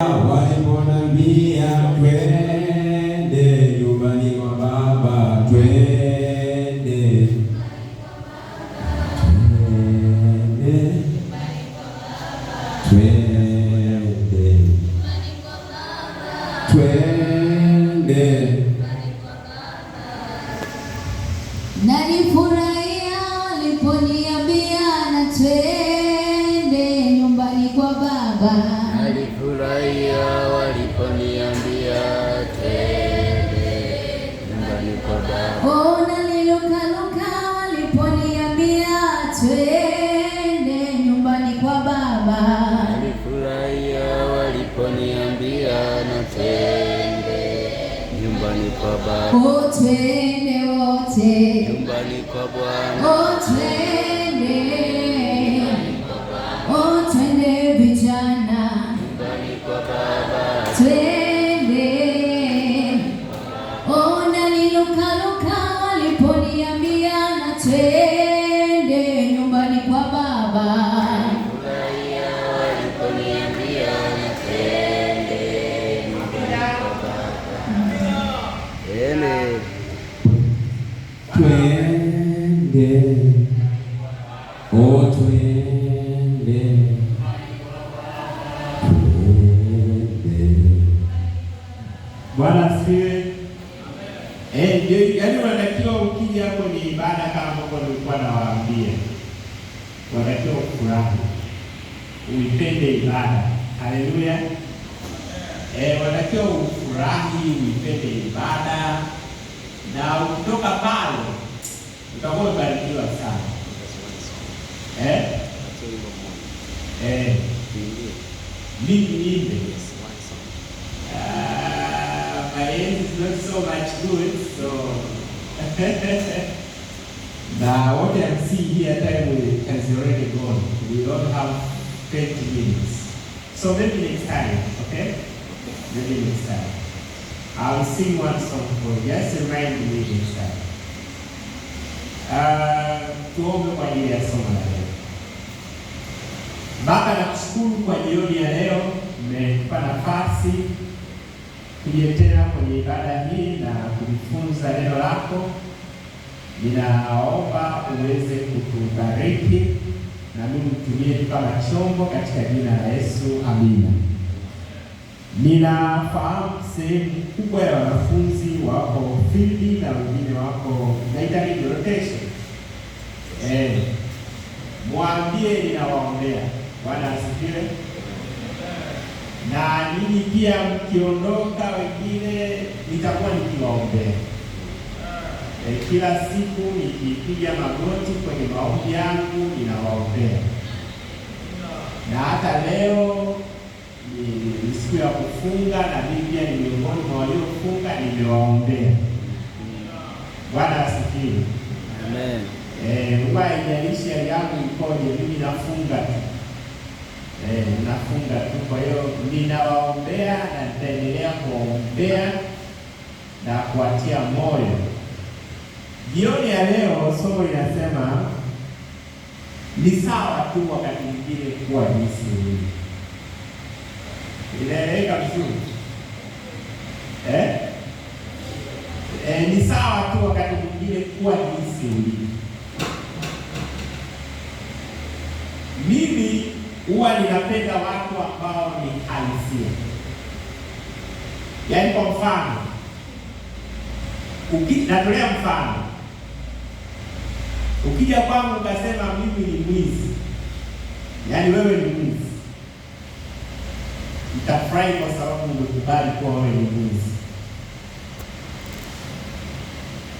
Why wanna be nyumbani kwa Baba. Oh, twende wote nyumbani kwa Bwana. Oh, twende Eh, ndio yaani wanatakiwa ukija hapo ni ibada kama ambavyo nilikuwa nawaambia. Wanatakiwa kufurahi. Uipende ibada. Haleluya. Eh, wanatakiwa ufurahi, uipende ibada na ukitoka pale utakuwa umebarikiwa sana. Eh? Eh, mimi niende. Ah, Bahrain is not so much good, so. now what I see here, time we has already gone. We don't have 20 minutes. So maybe next time, okay? Maybe next time. I'll sing one song for you. Just remind me next time. Uh, tuombe kwa ajili ya somo la leo. Baba, nakushukuru kwa jioni ya leo, mmenipa nafasi kujiletea kwenye ibada hii na kujifunza neno lako. Ninaomba uweze kutubariki na mimi nitumie kama chombo katika jina la Yesu, amina. Ninafahamu sehemu kubwa ya wanafunzi wako field na wengine wako ni rotation. Eh, mwambie ninawaombea. Bwana asifiwe na ninyi pia mkiondoka wengine nitakuwa nikiwaombea e, kila siku nikipiga magoti kwenye maombi yangu ninawaombea, na hata leo ni siku ya kufunga, na mimi pia ni miongoni mwa waliofunga, nimewaombea. Bwana asifiwe, amen. Eh, Mungu haijalishi hali yangu ikoje, mimi nafunga eh, unafunga tu. Kwa hiyo ninawaombea na nitaendelea kuwaombea na kuwatia moyo. Jioni ya leo somo linasema ni sawa tu wakati mwingine kuwa jinsi ulivyo. Inaeleweka vizuri eh? Eh, ni sawa tu wakati mwingine kuwa jinsi ulivyo. Mimi huwa ninapenda watu ambao ni halisia. Yaani, kwa mfano, natolea mfano, ukija kwangu ukasema mimi ni mwizi, yaani wewe ni mwizi, nitafurahi kwa sababu umekubali kuwa wewe ni mwizi.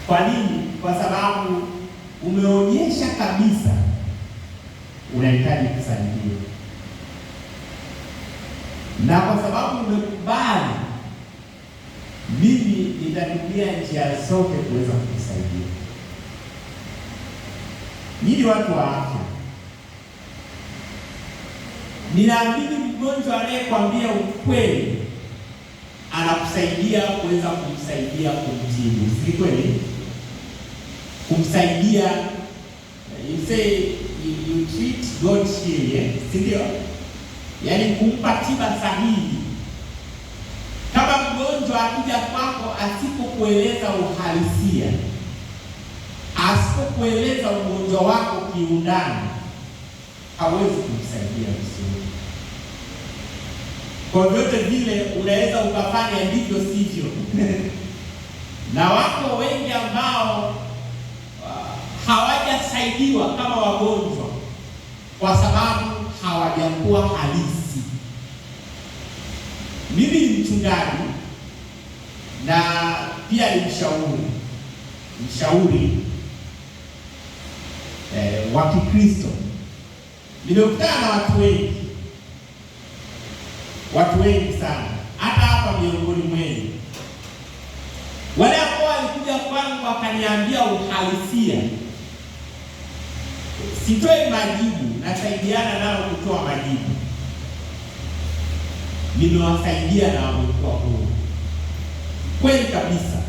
Kwa nini? Kwa sababu umeonyesha kabisa unahitaji kusaidiwa na kwa sababu umekubali, mimi nitatumia njia zote kuweza kukusaidia ili watu wa afya. Ninaamini mgonjwa anayekwambia ukweli anakusaidia kuweza kumsaidia kumtibu, si kweli? Kumsaidia, you say you treat God heal, si ndio? yaani kumpa tiba sahihi. Kama mgonjwa akija kwako asipokueleza uhalisia, asipokueleza ugonjwa wako kiundani, hawezi kumsaidia vizuri. Kwa vyote vile unaweza ukafanya ndivyo sivyo. na wako wengi ambao ah, hawajasaidiwa kama wagonjwa kwa sababu hawajakuwa halisi. Mimi ni mchungaji na pia ni mshauri mshauri eh, wa Kikristo. Nimekutana na watu wengi, watu wengi sana, hata hapa miongoni mwenu wale ambao walikuja kwangu wakaniambia uhalisia sitoi majibu, nasaidiana nao kutoa majibu. Nimewasaidia na wamekuwa huru kweli kabisa,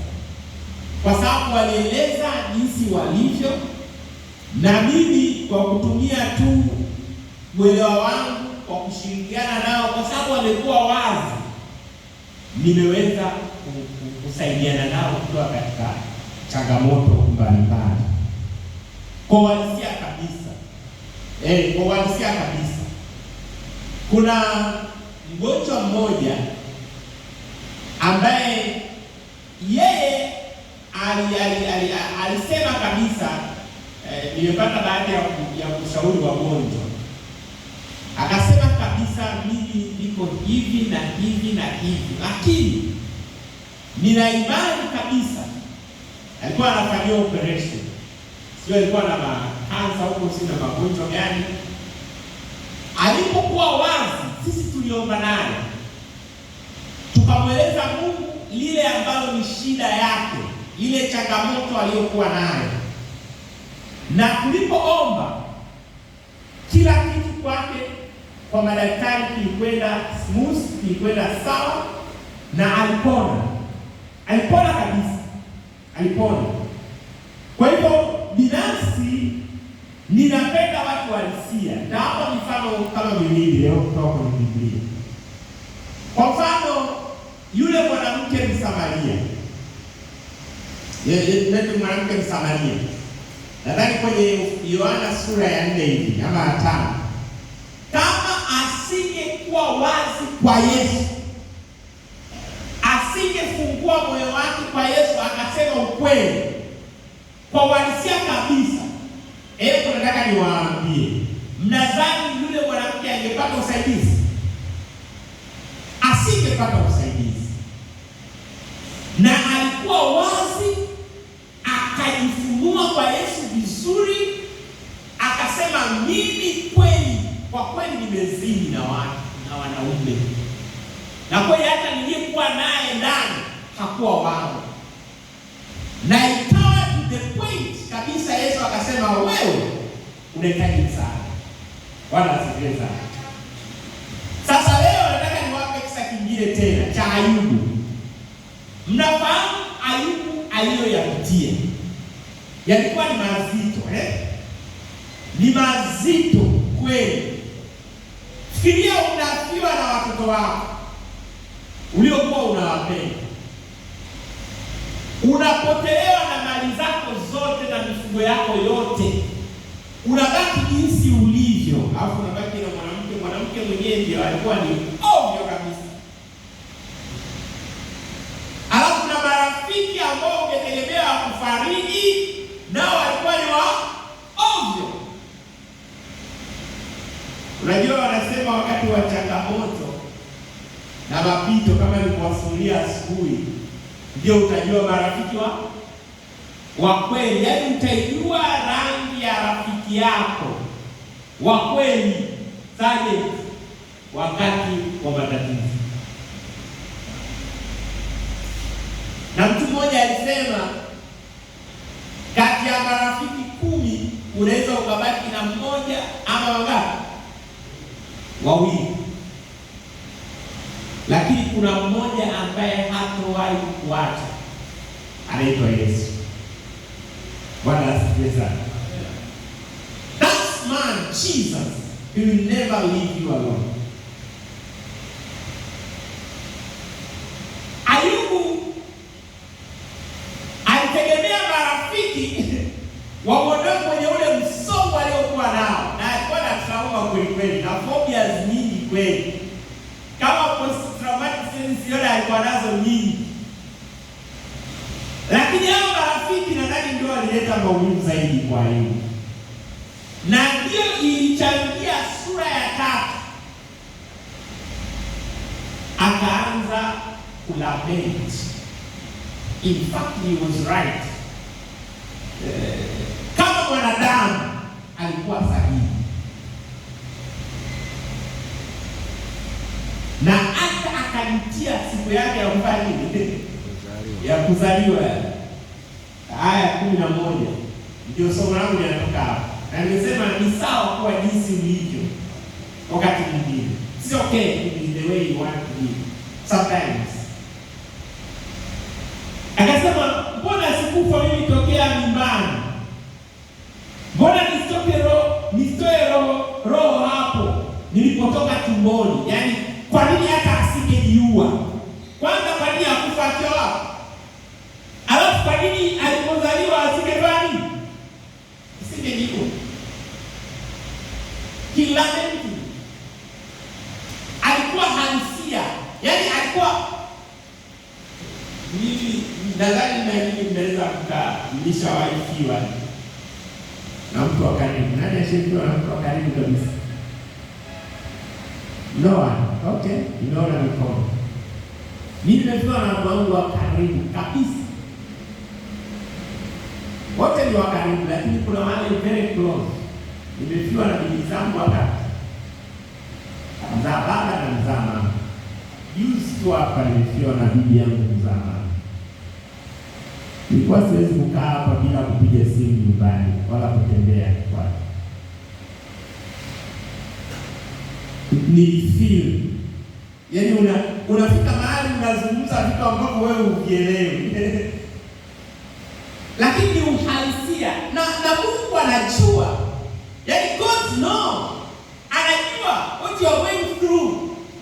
kwa sababu walieleza jinsi walivyo, na mimi kwa kutumia tu mwelewa wangu kwa kushirikiana nao, kwa sababu wamekuwa wazi, nimeweza kusaidiana nao kutoa katika changamoto mbalimbali kwa uhalisia kabisa, eh, kwa uhalisia kabisa. Kuna mgonjwa mmoja ambaye yeye alisema kabisa eh, nimepata baada ya kushauri wagonjwa, akasema kabisa, mimi niko hivi na hivi na hivi, lakini nina imani kabisa, alikuwa anafanyia operation hiyo ilikuwa na kansa huko, si na magonjwa gani. Alipokuwa wazi, sisi tuliomba naye tukamweleza Mungu lile ambalo ni shida yake, lile changamoto aliyokuwa nayo, na tulipoomba kila kitu kwake kwa madaktari kilikwenda smooth, kilikwenda sawa na alipona, alipona kabisa, alipona. Kwa hivyo binafsi ninapenda watu walisia. Nitawapa mifano kama miwili leo kutoka kwenye Biblia. Kwa mfano, yule mwanamke Msamaria, ndio mwanamke Msamaria, nadhani kwenye Yohana sura ya nne hivi ama ya tano, kama asingekuwa wazi kwa Yesu, asingefungua moyo wake kwa Yesu akasema ukweli kwa uhalisia kabisa, hebu eh, nataka niwaambie, mnadhani yule mwanamke angepata usaidizi? Asingepata usaidizi, na alikuwa wazi, akajifunua kwa Yesu vizuri, akasema mimi kweli, kwa kweli nimezini na watu na wanaume, na kweli hata niliyekuwa naye ndani hakuwa wangu na the point kabisa, Yesu akasema wewe unahitaji msaada. Bwana asifiwe sana. Sasa leo nataka niwape kisa kingine tena cha Ayubu. Mnafahamu Ayubu aliyoyapitia yalikuwa ni mazito eh? Ni mazito kweli. Fikiria unafiwa na watoto wako uliokuwa unawapenda, unapotelewa mapito yako yote, unabaki jinsi ulivyo, alafu unabaki na mwanamke. Mwanamke mwenyewe ndio alikuwa ni ovyo kabisa, alafu na marafiki ambao ungetegemea wakufariji nao walikuwa ni wa ovyo. Unajua, wanasema wakati wa changamoto na mapito, kama nikuwafulia asubuhi, ndio utajua marafiki wa wa kweli, yaani mtaijua rangi ya rafiki yako wa kweli saje wakati wa matatizo. Na mtu mmoja alisema kati ya marafiki kumi unaweza ukabaki na mmoja ama wangapi? Wawili. Lakini kuna mmoja ambaye hatowahi kuacha, anaitwa Yesu. Bwana asifiwe sana. That man Jesus will never leave you alone. Ayubu alitegemea marafiki wamondoe kwenye ule msongo aliokuwa nao, na alikuwa na trauma kweli kweli na phobias nyingi kweli, kama post traumatic syndrome alikuwa nazo nyingi lakini hao marafiki nadhani ndio walileta maumivu zaidi kwa hili, na ndio ilichangia sura ya tatu akaanza kulament. In fact he was right. Eh, kama mwanadamu alikuwa sahihi na hata akamtia siku yake ya kufanya nini ya kuzaliwa aya kumi na moja ndio somo langu linatoka hapo, na nimesema ni sawa kuwa jinsi ulivyo wakati mwingine. It's okay to be the way you want to be sometimes. Akasema, mbona sikufa mimi tokea nyumbani? Mbona nisitoke roho nisitoe roho roho hapo nilipotoka tumboni? Yaani kwa nini hata kilamenti, alikuwa hansia, yaani alikuwa hivi, nadhani na hili mnaweza mkamishawaikiwa na mtu wa karibu. Nani ashakiwa na mtu wa karibu kabisa? Noa. Okay, imeona mikono. Mimi nimekiwa na mwangu wa karibu kabisa, wote ni wa karibu, lakini kuna wale very close nimefiwa na bibi zangu wakati mzaa baba na mzaa mama. Juzi tu hapa nimefiwa na bibi yangu mzaa mama. Nilikuwa siwezi kukaa hapa bila kupiga simu nyumbani wala kutembea kwake. feel yaani, una unafika mahali unazungumza vitu ambavyo wewe huvielewi lakini uhalisia na, na Mungu anajua Yani God know, anajua what you are going through,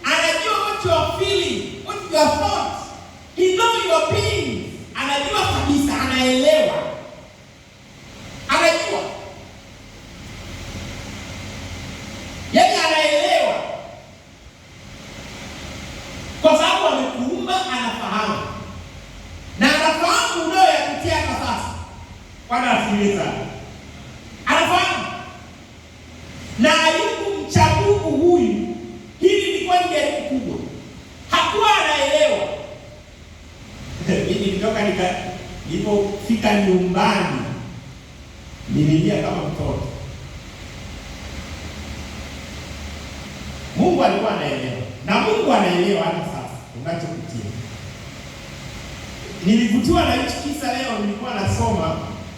anajua what you are feeling, what you are thought, he know your pain, anajua kabisa, anaelewa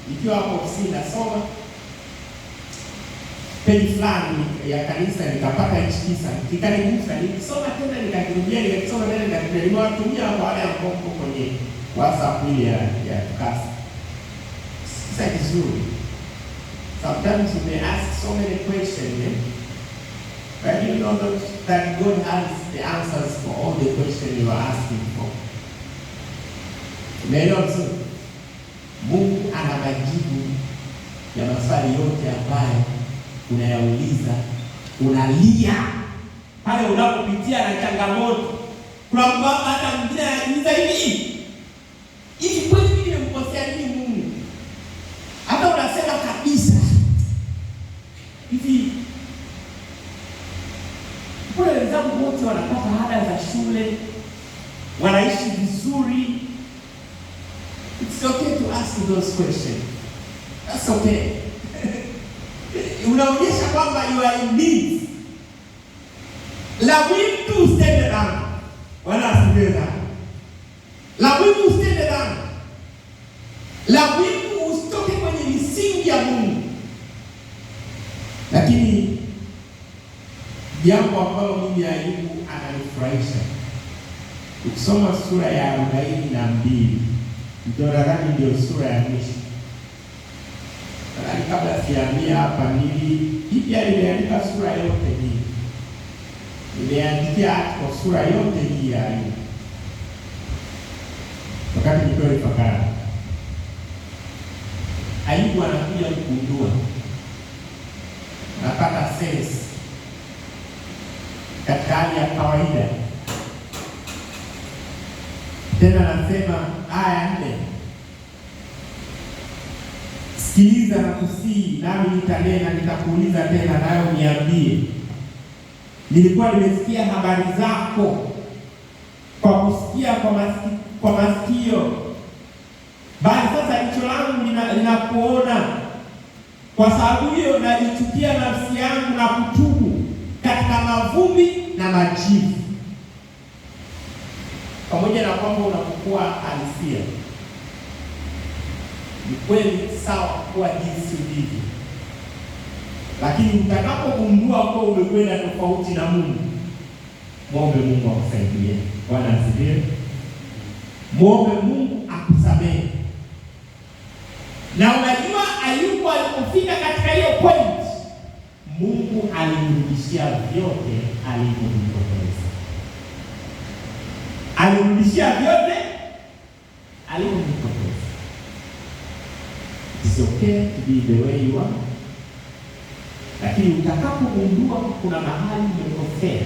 nikiwa hapo ofisini nasoma peni fulani ya kanisa nikapata nchi tisa, nikanigusa, nikisoma tena nikakirudia, nikakisoma tena nikakirudia, nimewatumia hapo wale ambao mko kwenye WhatsApp hii ya ya tukasa. Kisa kizuri. Sometimes you may ask so many questions, eh? but you know that, that God has the answers for all the questions you are asking for. Umeelewa vizuri? Mungu ana majibu ya maswali yote ambayo unayauliza, unalia pale unapopitia na changamoto. Kuna mama hata mwingine anajiuliza hivi hivi, kweli mimi nimemkosea nini Mungu? Hata unasema kabisa hivi, kule wenzangu wote wanapata ada za shule, wanaishi vizuri, it's okay those questions. That's okay. Unaonyesha kwamba you are in need. La will to stand down. Wala asiwe down. La will to stand down. La will usitoke kwenye misingi ya Mungu. Lakini jambo ambalo mimi Ayubu ananifurahisha ukisoma sura ya arobaini na mbili Mdoradhani ndio sura ya mwisho, lakini kabla siamia hapa nili Biblia imeandika sura yote hii, imeandikia kwa sura yote hii ya Ayubu. Wakati nitoe fakara, Ayubu anakuja kugundua, napata sense katika hali ya kawaida anasema aya nne, sikiliza na kusii, nami nitanena, nitakuuliza tena, nayo niambie. Nilikuwa nimesikia habari zako kwa kusikia kwa masikio, kwa masikio, bali sasa jicho langu linakuona. Kwa sababu hiyo nalichukia nafsi yangu na kutubu katika mavumbi na majivu pamoja na kwamba unapokuwa alisia ni kweli sawa kuwa jinsi ulivyo, lakini mtakapogundua kuwa umekwenda tofauti na Mungu, mwombe Mungu akusaidie. Bwana asifiwe. Mwombe Mungu akusamehe. Na unajua Ayubu alipofika katika hiyo point, Mungu alimrudishia vyote alivyomtokeza alirudishia vyote alivyonipoteza. It's okay to be the way you are, lakini utakapogundua kuna mahali umekosea,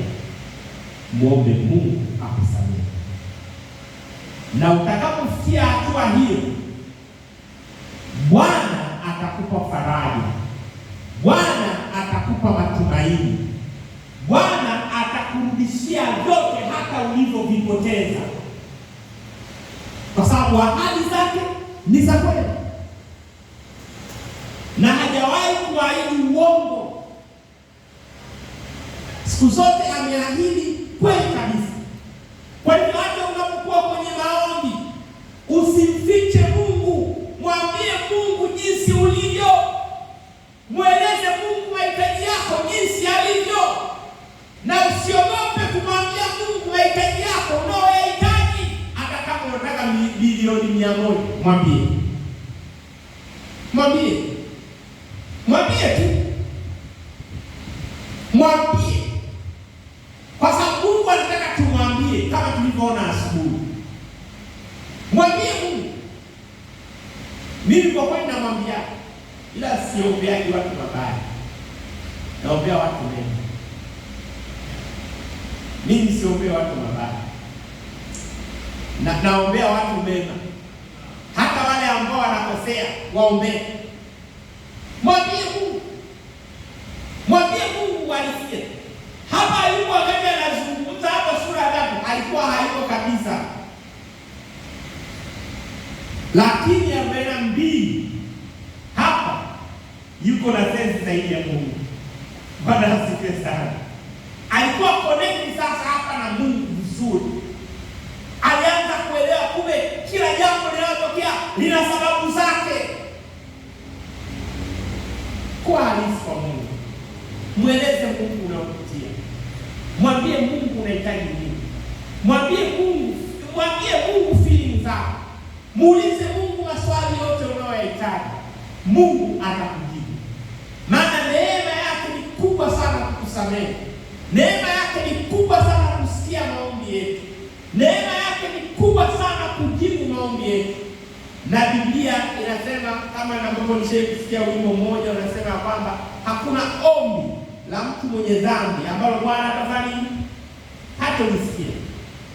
mwombe Mungu akusamehe, na utakapofikia hatua hiyo, Bwana atakupa faraja, Bwana atakupa matumaini, Bwana atakurudishia vyote mpaka ulivyovipoteza, kwa sababu ahadi zake ni za kweli na hajawahi kuahidi uongo, siku zote ameahidi kweli. mia moja mwambie, mwambie lakini arobaini na mbili hapa yuko na sensi zaidi ya Mungu. Bwana asifiwe sana. Alikuwa connect sasa hapa na Mungu vizuri, alianza kuelewa kumbe kila jambo linalotokea lina sababu zake. Kwa halisi kwa Mungu, mweleze Mungu unaopitia, mwambie Mungu unahitaji nini, mwambie Mungu Muulize Mungu maswali yote unayoyahitaji, Mungu atakujibu, maana neema yake ni kubwa sana kukusamehe, neema yake ni kubwa sana kusikia maombi yetu, neema yake ni kubwa sana kujibu maombi yetu. Na Biblia inasema kama ambavyo nishaikifikia wimbo mmoja unasema kwamba hakuna ombi la mtu mwenye dhambi ambalo Bwana hata usikie,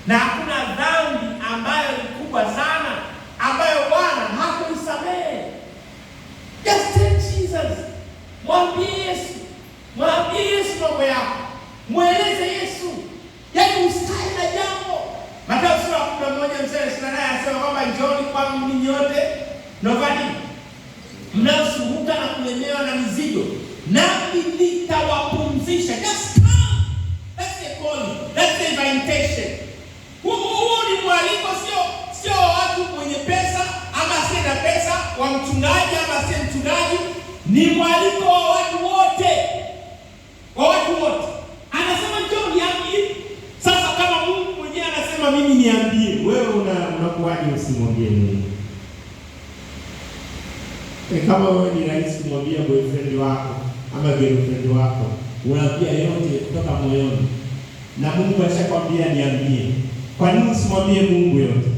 na hakuna dhambi ambayo ni kubwa sana ambayo Bwana hakumsamehe. Just tell Jesus, mwambie Yesu, mwambie Yesu mambo yako, mweleze Yesu, yaani ustahi na jambo. Mathayo sura ya kumi na moja mstari ishirini na nane anasema kwamba njooni kwangu ninyi nyote novadi mnaosumbuka na kulemewa na mizigo, nami nitawapumzisha. Just come, that's the call, that's the invitation. Huu ni mwaliko, sio sio watu mwenye pesa ama asiye na pesa, wa mchungaji ama asiye mchungaji, ni mwaliko wa watu wote, wa watu wote. Anasema njoo niambie. Sasa kama Mungu mwenyewe anasema mimi niambie, wewe una unakuwaje usimwambie mimi? E, eh, kama wewe ni rais mwambie boyfriend wako ama girlfriend wako, unaambia yote kutoka moyoni, na Mungu ashakwambia niambie, kwa nini usimwambie Mungu yote?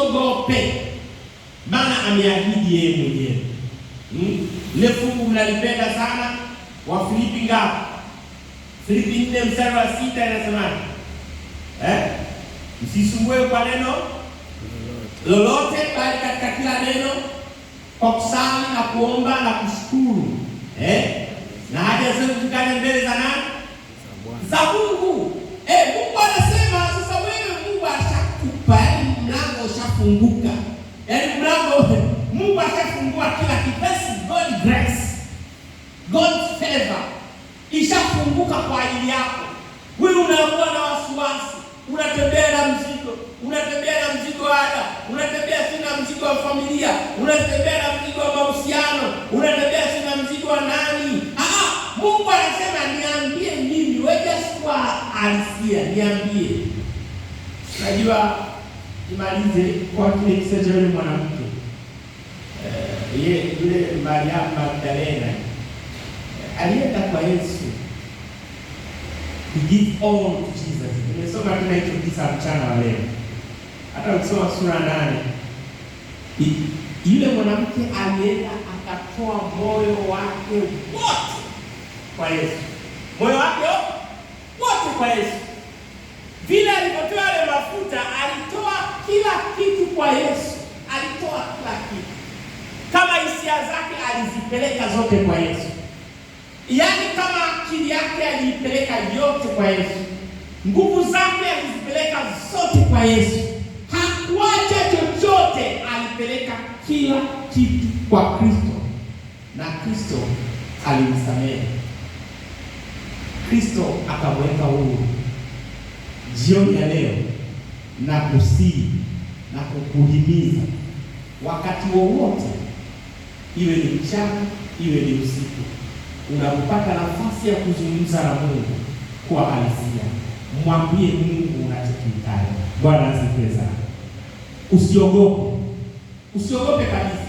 msiogope, maana ameahidi yeye mwenyewe. Hmm? Ile fungu mnalipenda sana wa Filipi ngapi? Filipi nne mstari wa sita inasemaje? Eh? Msisumbue kwa neno lolote, bali katika kila neno kwa kusali na kuomba na kushukuru eh? na haja zenu zikane mbele za nani? Za Mungu. Eh, Mungu kufunguka. Yaani mlango Mungu ashafungua kila kipesi, God grace, God favor ishafunguka kwa ajili yako. Wewe unakuwa na wasiwasi, unatembea na mzigo, unatembea na mzigo wa ada, unatembea si na mzigo wa familia, unatembea na mzigo wa mahusiano, unatembea si na mzigo wa nani. Ah, Mungu anasema niambie mimi, wewe just kwa alisia, niambie. Najua imalize kwa kile kisa cha yule mwanamke eh, ye yule Maria Magdalena eh, alienda kwa Yesu, he give all to Jesus. Tumesoma tena hicho kisa mchana wa leo, hata ukisoma sura nane yule mwanamke alienda akatoa moyo wake wote kwa Yesu, moyo wake wote kwa Yesu. Vile alipotoa yale mafuta, alitoa kila kitu kwa Yesu, alitoa kila kitu, kama hisia zake alizipeleka zote kwa Yesu, yaani kama akili yake aliipeleka yote kwa Yesu, nguvu zake alizipeleka zote kwa Yesu, hakuacha chochote, alipeleka kila kitu kwa Kristo na Kristo alimsamehe, Kristo akamweka huru jioni ya leo na kusii na kukuhimiza wakati wowote, iwe ni mchana, iwe ni usiku, unapopata nafasi ya kuzungumza na Mungu kwa halisia, mwambie Mungu unachokihitaji. Bwana asifiwe sana. Usiogope, usiogope kabisa,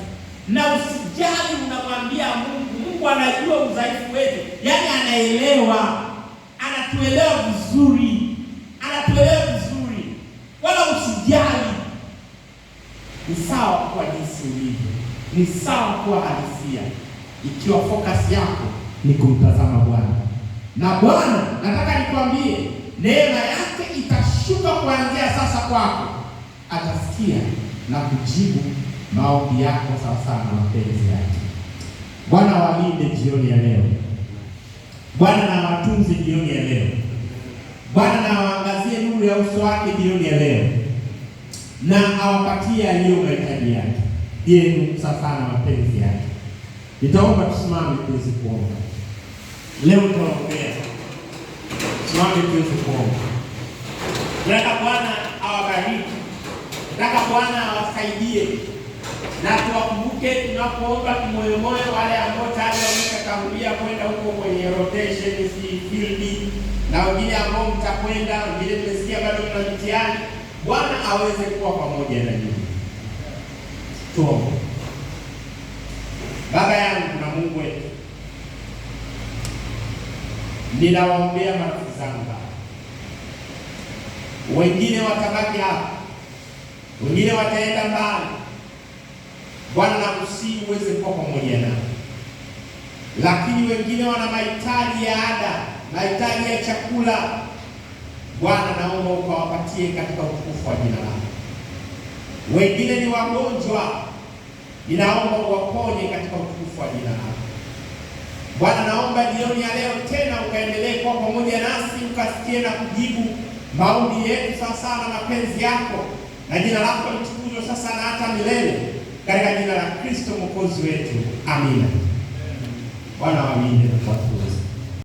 na usijali. Unamwambia Mungu, Mungu anajua udhaifu wetu, yaani anaelewa, anatuelewa vizuri anatulelea vizuri, wala usijali. Ni sawa kuwa jinsi ulivyo, ni sawa kuwa halisia, ikiwa focus yako ni kumtazama Bwana. Na Bwana, nataka nikwambie, neema yake itashuka kuanzia sasa kwako, atasikia na kujibu maombi yako sawasawa na mapenzi yake. Bwana walinde jioni ya leo, Bwana na watunze jioni ya leo. Bwana na awaangazie nuru ya uso wake jioni ya leo na awapatie aliyo mahitaji yake. Yenu safara na mapenzi yake. Nitaomba tusimame tuweze kuomba. Leo tunaombea. Tusimame tuweze kuomba. Nataka Bwana awabariki. Nataka Bwana awasaidie na tuwakumbuke tunapoomba kimoyo moyo wale ambao tayari wameshatangulia kwenda huko kwenye rotation field na wengine ambao mtakwenda, wengine tumesikia bado mna mtihani. Bwana aweze kuwa pamoja na nyinyi. Tuombe. Baba yangu na Mungu wetu, ninawaombea marafiki zangu Baba, wengine watabaki hapa, wengine wataenda mbali. Bwana nakusii uweze kuwa pamoja nao, lakini wengine wana mahitaji ya ada mahitaji ya chakula, Bwana naomba ukawapatie katika utukufu wa jina lako. Wengine ni wagonjwa, ninaomba uwaponye katika utukufu wa jina lako. Bwana naomba jioni ya leo tena ukaendelee kuwa pamoja nasi, ukasikie na kujibu maombi yetu sawasawa na mapenzi yako, na jina lako litukuzwe sasa na hata milele, katika jina la Kristo mwokozi wetu, amina. Bwana wamine.